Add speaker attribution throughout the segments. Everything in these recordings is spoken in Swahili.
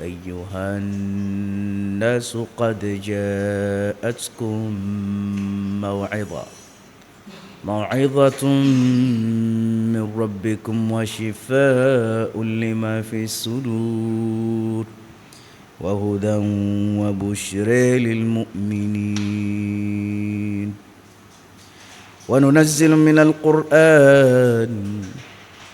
Speaker 1: أيها الناس قد جاءتكم موعظة موعظة من ربكم وشفاء لما في الصدور وهدى وبشرى للمؤمنين وننزل من القرآن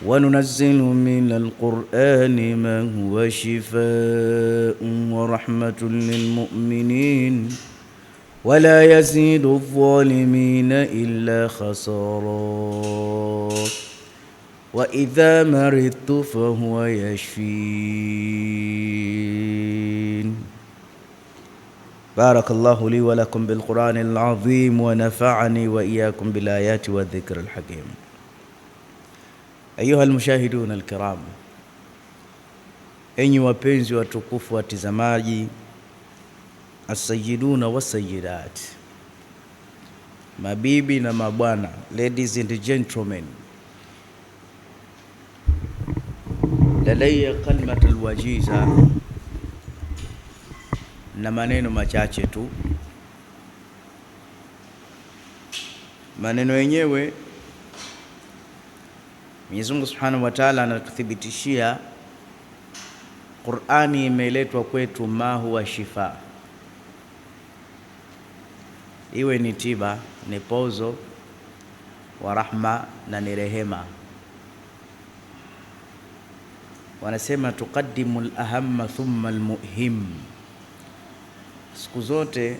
Speaker 1: وننزل من القرآن ما هو شفاء ورحمة للمؤمنين ولا يزيد الظالمين إلا خسارا وإذا مرضت فهو يشفين بارك الله لي ولكم بالقرآن العظيم ونفعني وإياكم بالآيات والذكر الحكيم Ayuha almushahiduna alkiram, enyi wapenzi watukufu watizamaji. Asayiduna wasayidat, mabibi na mabwana, ladies and gentlemen. Ladaiya kalimat alwajiza, na maneno machache tu, maneno yenyewe Mwenyezi Mungu Subhanahu wa Ta'ala anatuthibitishia Qur'ani imeletwa kwetu ma huwa shifa, iwe ni tiba, ni pozo wa rahma na ni rehema. Wanasema tuqaddimu al-ahamma thumma al-muhim, siku zote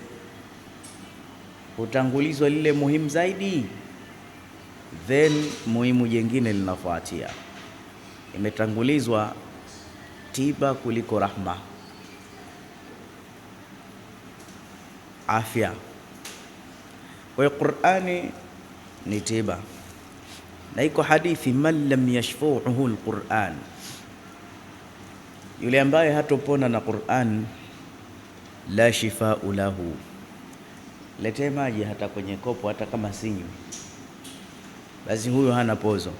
Speaker 1: hutangulizwa lile muhimu zaidi then muhimu jengine linafuatia. Imetangulizwa tiba kuliko rahma, afya. Kwa hiyo Qur'ani ni tiba, na iko hadithi, man lam yashfuuhu alquran, yule ambaye hatopona na Qur'an, la shifau lahu, letee maji hata kwenye kopo, hata kama sinywi basi huyo hana pozo.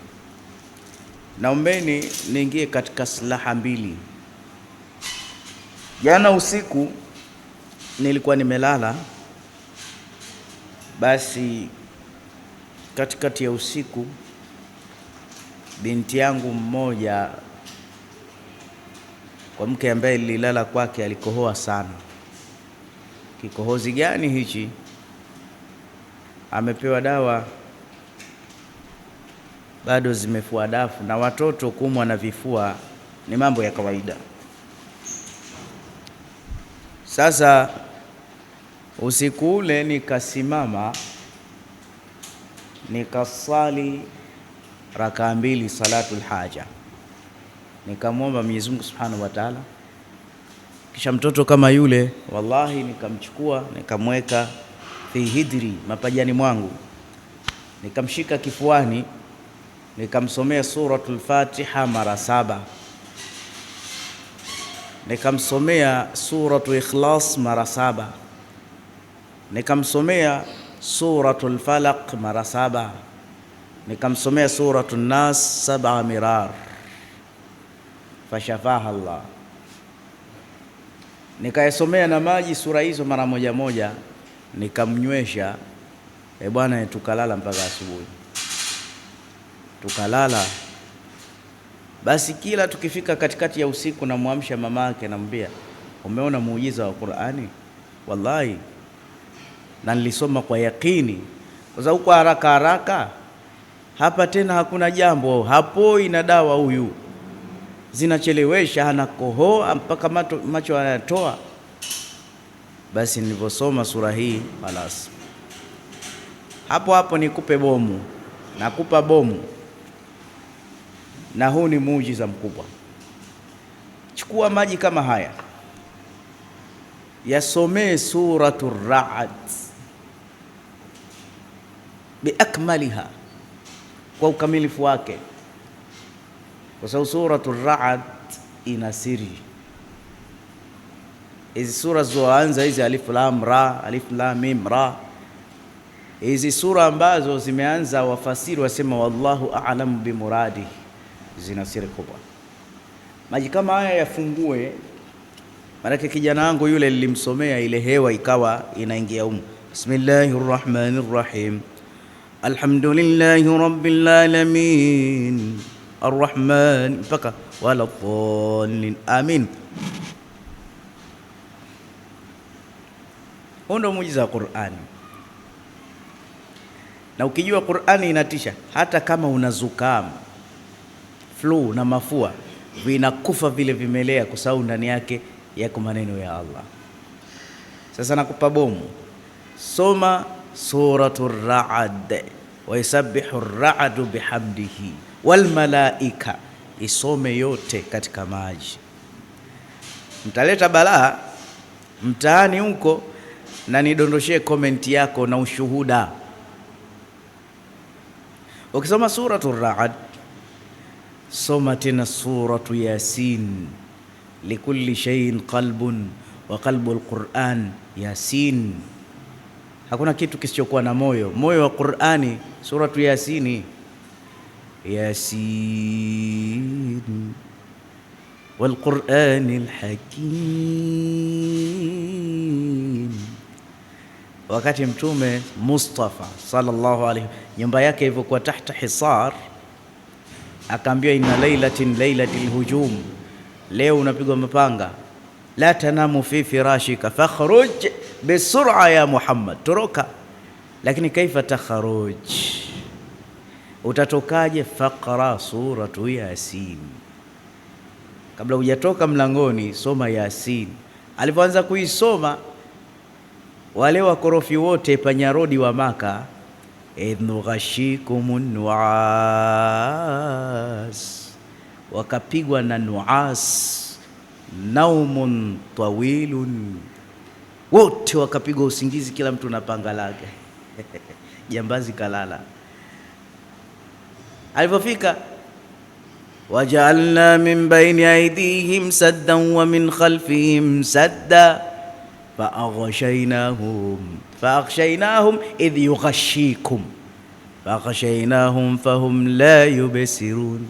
Speaker 1: Naombeni niingie katika silaha mbili. Jana usiku nilikuwa nimelala, basi katikati ya usiku binti yangu mmoja kwa mke ambaye nililala kwake alikohoa sana. Kikohozi gani hichi? Amepewa dawa bado zimefua dafu na watoto kumwa na vifua ni mambo ya kawaida. Sasa usiku ule nikasimama nikasali rakaa mbili salatul haja, nikamwomba Mwenyezi Mungu Subhanahu wa Ta'ala. Kisha mtoto kama yule, wallahi, nikamchukua nikamweka fi hidri, mapajani mwangu, nikamshika kifuani nikamsomea Suratul Fatiha mara saba, nikamsomea Suratu Ikhlas mara saba, nikamsomea Suratul Falaq mara saba, nikamsomea Suratu Nas saba mirar, fashafaha Allah. Nikayasomea na maji sura hizo mara moja moja, nikamnywesha. E bwana, tukalala mpaka asubuhi tukalala. Basi kila tukifika katikati ya usiku, namwamsha mama yake, namwambia umeona muujiza wa Qur'ani? Wallahi, na nilisoma kwa yakini. sababu kwa haraka haraka hapa tena hakuna jambo, hapoi na dawa huyu, zinachelewesha, anakohoa mpaka macho anayatoa. Basi nilivyosoma sura hii halas, hapo hapo nikupe bomu, nakupa bomu na huu ni muujiza mkubwa. Chukua maji kama haya, yasomee suratu Raad biakmaliha, kwa ukamilifu wake, kwa sababu suratu Raad ina siri. Hizi sura zizoanza hizi, alif lam ra, alif lam mim ra, hizi sura ambazo zimeanza, wafasiri wasema wallahu a'lamu bimuradihi zina siri kubwa. Maji kama haya yafungue, maanake kijana wangu yule nilimsomea ile hewa ikawa inaingia humo. Bismillahir Rahmanir Rahim Alhamdulillahi Rabbil Alamin Arrahman mpaka wala dhallin. amin. Huu ndo muujiza wa Qur'ani, na ukijua Qur'ani inatisha, hata kama unazukama flu na mafua vinakufa vile vimelea, kwa sababu ndani yake yako maneno ya Allah. Sasa nakupa bomu, soma suratu Raad, wayusabbihu raadu bihamdihi walmalaika, isome yote katika maji. Mtaleta balaa mtaani huko, na nidondoshee komenti yako na ushuhuda. Ukisoma suratu Raad Soma tena suratu Yasin, likulli shay'in qalbun wa qalbu alquran Yasin. Hakuna kitu kisichokuwa na moyo. Moyo wa Qurani suratu Yasini. Yasin walqurani alhakim. Wakati Mtume Mustafa sallallahu alayhi, nyumba yake ilivyokuwa tahta hisar akaambiwa inna lailatin lailatil hujum, leo unapigwa mapanga. La tanamu fi firashika fakhruj bisura ya Muhammad, toroka. Lakini kaifa takhruj, utatokaje? Faqra suratu Yasin, kabla hujatoka mlangoni soma Yasin. Alipoanza kuisoma wale wakorofi wote panyarodi wa Maka idh nughashikumu nuas, wakapigwa na nuas, naumun tawilun, wote wakapigwa usingizi, kila mtu na panga lake jambazi kalala. Alipofika wajaalna min baini aidihim saddan wa min khalfihim sadda faaghshainahum faakhshaynahum idh yughashshikum fakhshaynahum fahum la yubsirun.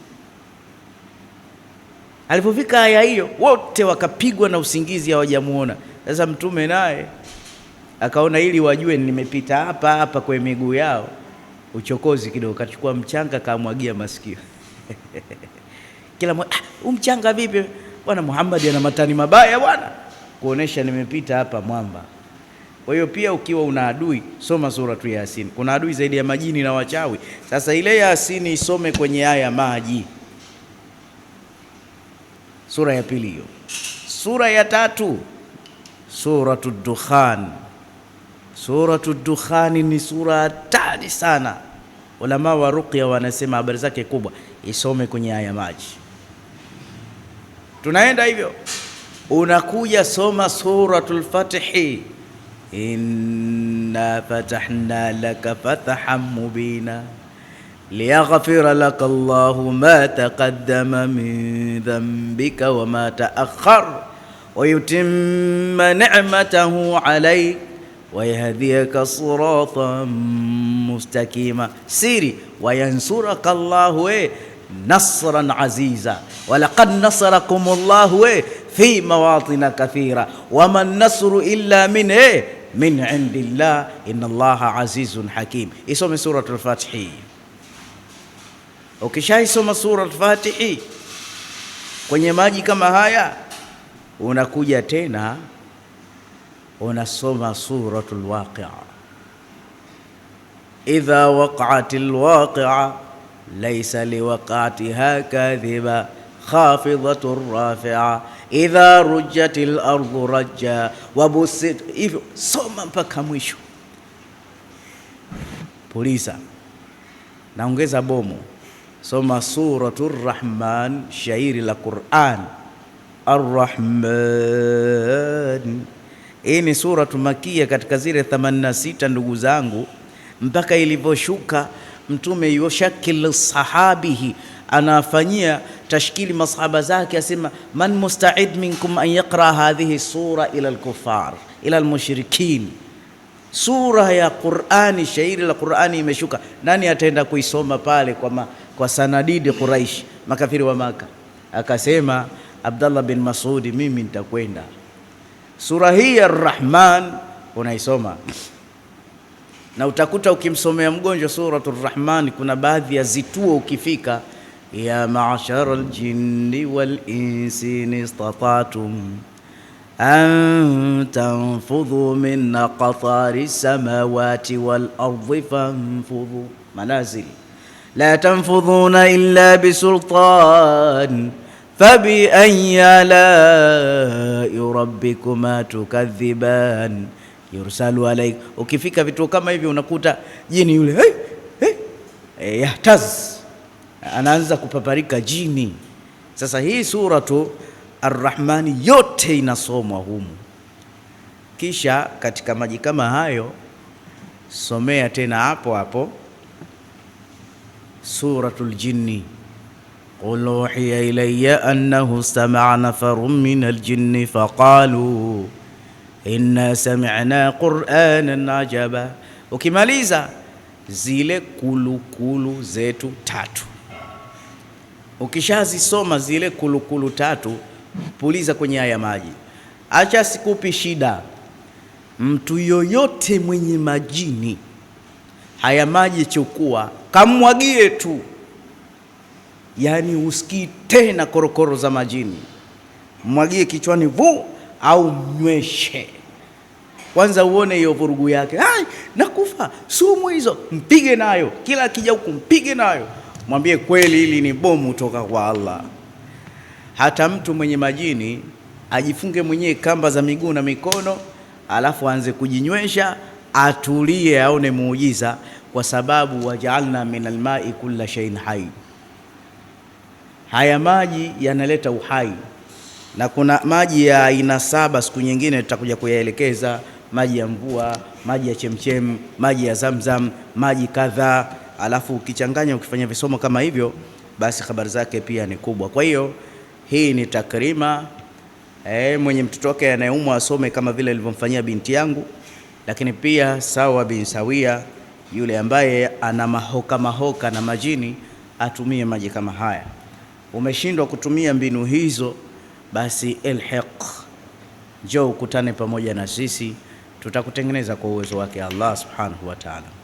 Speaker 1: Alipofika aya hiyo, wote wakapigwa na usingizi, hawajamuona. Sasa mtume naye akaona ili wajue nimepita hapa hapa kwenye miguu yao, uchokozi kidogo, kachukua mchanga kamwagia masikio kila mwa, ah, umchanga vipi bwana? Muhammad ana matani mabaya bwana, kuonesha nimepita hapa mwamba kwa hiyo pia ukiwa una adui soma suratu Yasin. Kuna adui zaidi ya majini na wachawi. Sasa ile Yasini isome kwenye haya ya maji, sura ya pili hiyo. Sura ya tatu suratu Dukhan. Suratu Dukhani ni sura hatari sana. Ulama wa ruqya wanasema habari zake kubwa, isome kwenye haya maji. Tunaenda hivyo, unakuja soma suratul Fatihi إنا فتحنا لك فتحا مبينا ليغفر لك الله ما تقدم من ذنبك وما تأخر ويتم نعمته عليك ويهديك صراطا مستقيما سيري وينصرك الله إيه، نصرا عزيزا ولقد نصركم الله إيه، في مواطن كثيرة وما النصر إلا من إيه من عند الله إن الله عزيز حكيم اسم سورة الفاتح ukishaisoma sura al-Fatihi kwenye maji kama haya unakuja tena unasoma suratul waqia idha waqa'atil waqia laysa liwaqatiha kadhiba khafidatur rafi'a idha rujatil ardu rajja wabusit, hivyo soma mpaka mwisho. Puliza, naongeza bomo, soma Suratu Rahman, shairi la Quran. Arrahman, hii ni suratu makia katika zile 86 ndugu zangu, mpaka ilivyoshuka mtume yoshakilu sahabihi anafanyia tashkili masahaba zake, asema man mustaid minkum an yaqra hadhihi sura ila alkufar ila almushrikin. Sura ya Qur'ani, shairi la Qur'ani imeshuka, nani ataenda kuisoma pale kwa, ma, kwa sanadidi Quraish, makafiri wa Maka? Akasema Abdallah bin Masudi, mimi nitakwenda sura hii ya Rahman unaisoma na utakuta ukimsomea mgonjwa Suratul Rahman, kuna baadhi ya zituo ukifika يا معشر الجن والإنس إن استطعتم أن تنفذوا من قطار السماوات والأرض فانفذوا منازل لا تنفذون إلا بسلطان فبأي آلاء ربكما تكذبان يرسل عليك وكيفك بتوكا ما يبي unakuta jini yule هي hey, anaanza kupaparika jini. Sasa hii suratu Arrahmani yote inasomwa humu, kisha katika maji kama hayo somea tena hapo hapo suratul jinni qul uhiya ilayya annahu stamaa nafarun minal jinni faqalu inna sami'na qur'anan ajaba. Ukimaliza zile kulukulu kulu zetu tatu Ukishazisoma zile kulukulu tatu, puliza kwenye haya maji. Acha sikupi shida, mtu yoyote mwenye majini haya maji chukua, kamwagie tu, yaani usikii tena korokoro za majini. Mwagie kichwani vu, au mnyweshe kwanza, uone hiyo vurugu yake. Ai, nakufa sumu hizo, mpige nayo kila akija huku, mpige nayo mwambie kweli, hili ni bomu toka kwa Allah. Hata mtu mwenye majini ajifunge mwenyewe kamba za miguu na mikono, alafu aanze kujinywesha, atulie, aone muujiza, kwa sababu wajaalna min almai kulla shay'in hai, haya maji yanaleta uhai. Na kuna maji ya aina saba, siku nyingine tutakuja kuyaelekeza: maji ya mvua, maji ya chemchem, maji ya zamzam, maji kadhaa alafu ukichanganya ukifanya visomo kama hivyo, basi habari zake pia ni kubwa. Kwa hiyo hii ni takrima e, mwenye mtoto wake anayeumwa asome kama vile alivyomfanyia binti yangu, lakini pia sawa bin sawia, yule ambaye ana mahoka mahoka na majini atumie maji kama haya. Umeshindwa kutumia mbinu hizo, basi elhiq, njoo ukutane pamoja na sisi, tutakutengeneza kwa uwezo wake Allah subhanahu wa ta'ala.